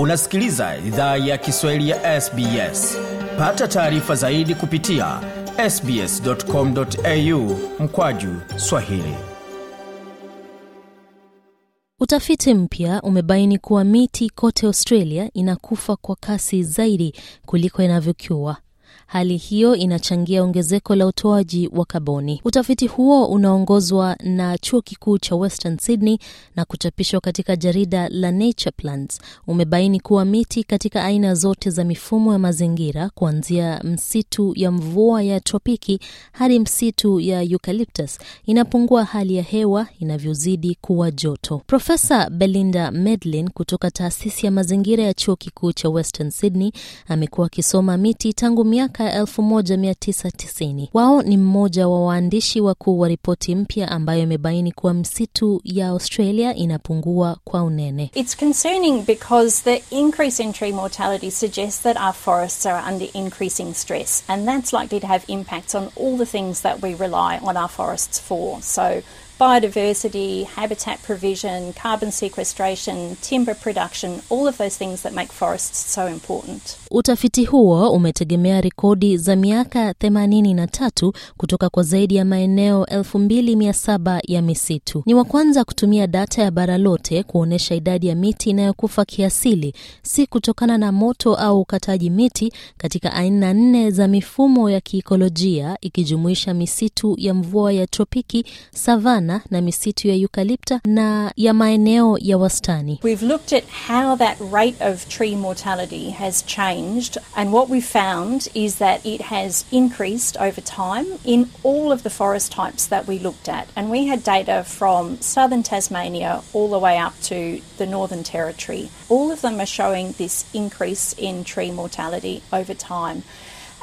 unasikiliza idhaa ya kiswahili ya sbs pata taarifa zaidi kupitia sbscomau mkwaju swahili Utafiti mpya umebaini kuwa miti kote Australia inakufa kwa kasi zaidi kuliko inavyokiwa Hali hiyo inachangia ongezeko la utoaji wa kaboni. Utafiti huo unaongozwa na chuo kikuu cha Western Sydney na kuchapishwa katika jarida la Nature Plants umebaini kuwa miti katika aina zote za mifumo ya mazingira kuanzia msitu ya mvua ya tropiki hadi msitu ya eucalyptus inapungua hali ya hewa inavyozidi kuwa joto. Profesa Belinda Medlin kutoka taasisi ya mazingira ya chuo kikuu cha Western Sydney amekuwa akisoma miti tangu miaka mwaka 1990. Wao ni mmoja wa waandishi wakuu wa ripoti mpya ambayo imebaini kuwa msitu ya Australia inapungua kwa unene. It's concerning because the increase in tree mortality suggests that our forests are under increasing stress and that's likely to have impacts on all the things that we rely on our forests for. So biodiversity, habitat provision, carbon sequestration, timber production, all of those things that make forests so important. Utafiti huo umetegemea rekodi za miaka 83 kutoka kwa zaidi ya maeneo 2700 ya misitu. Ni wa kwanza kutumia data ya bara lote kuonyesha idadi ya miti inayokufa kiasili, si kutokana na moto au ukataji miti katika aina nne za mifumo ya kiikolojia ikijumuisha misitu ya mvua ya tropiki, savana sana na misitu ya eukalipta na ya maeneo ya wastani. We've looked at how that rate of tree mortality has changed and what we found is that it has increased over time in all of the forest types that we looked at and we had data from southern Tasmania all the way up to the Northern Territory. All of them are showing this increase in tree mortality over time.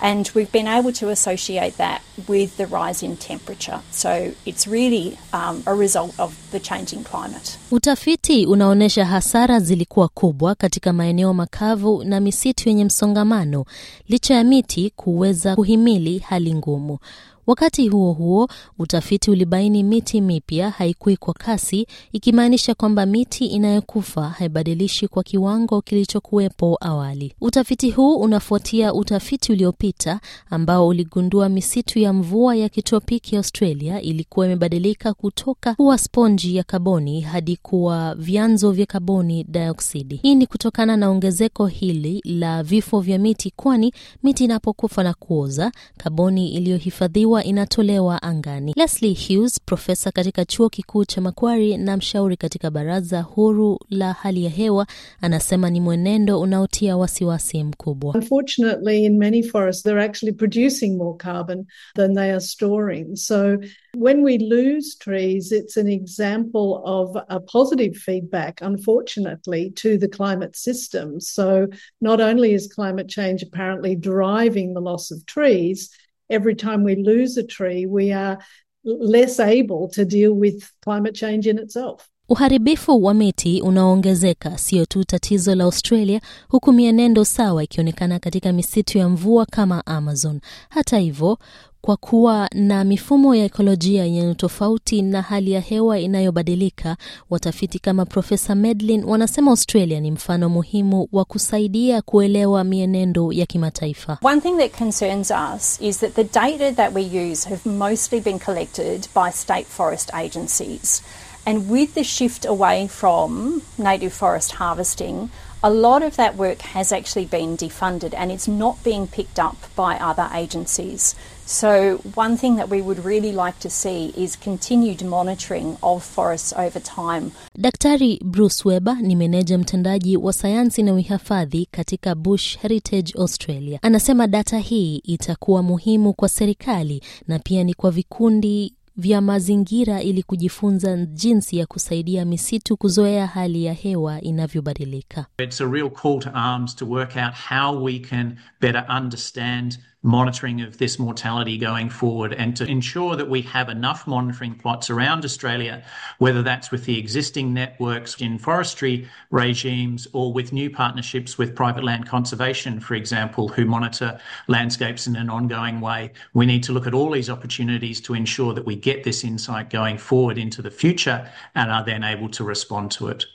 And we've been able to associate that with the rise in temperature. So it's really um, a result of the changing climate. Utafiti unaonyesha hasara zilikuwa kubwa katika maeneo makavu na misitu yenye msongamano licha ya miti kuweza kuhimili hali ngumu. Wakati huo huo, utafiti ulibaini miti mipya haikui kwa kasi, ikimaanisha kwamba miti inayokufa haibadilishi kwa kiwango kilichokuwepo awali. Utafiti huu unafuatia utafiti uliopita ambao uligundua misitu ya mvua ya kitropiki Australia ilikuwa imebadilika kutoka kuwa sponji ya kaboni hadi kuwa vyanzo vya kaboni dioksidi. Hii ni kutokana na ongezeko hili la vifo vya miti, kwani miti inapokufa na kuoza, kaboni iliyohifadhiwa ilikuwa inatolewa angani. Leslie Hughes, profesa katika chuo kikuu cha makwari na mshauri katika baraza huru la hali ya hewa, anasema ni mwenendo unaotia wasiwasi mkubwa. Unfortunately, in many forests they're actually producing more carbon than they are storing. So when we lose trees, it's an example of a positive feedback, unfortunately, to the climate system. So not only is climate change apparently driving the loss of trees, every time we lose a tree, we are less able to deal with climate change in itself. Uharibifu wa miti unaoongezeka sio tu tatizo la Australia, huku mienendo sawa ikionekana katika misitu ya mvua kama Amazon. Hata hivyo, kwa kuwa na mifumo ya ekolojia yenye tofauti na hali ya hewa inayobadilika, watafiti kama Profesa Medlin wanasema Australia ni mfano muhimu wa kusaidia kuelewa mienendo ya kimataifa. One thing that concerns us is that the data that we use have mostly been collected by state forest agencies. And with the shift away from native forest harvesting, a lot of that work has actually been defunded and it's not being picked up by other agencies. So, one thing that we would really like to see is continued monitoring of forests over time. Daktari Bruce Weber ni meneja mtendaji wa sayansi na uhifadhi katika Bush Heritage Australia. Anasema data hii itakuwa muhimu kwa serikali na pia ni kwa vikundi vya mazingira ili kujifunza jinsi ya kusaidia misitu kuzoea hali ya hewa inavyobadilika. It's a real call to arms to work out how we can better understand monitoring of this mortality going forward and to ensure that we have enough monitoring plots around Australia, whether that's with the existing networks in forestry regimes or with new partnerships with private land conservation, for example, who monitor landscapes in an ongoing way. We need to look at all these opportunities to ensure that we get this insight going forward into the future and are then able to respond to it.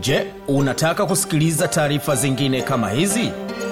Je, unataka kusikiliza taarifa zingine kama hizi?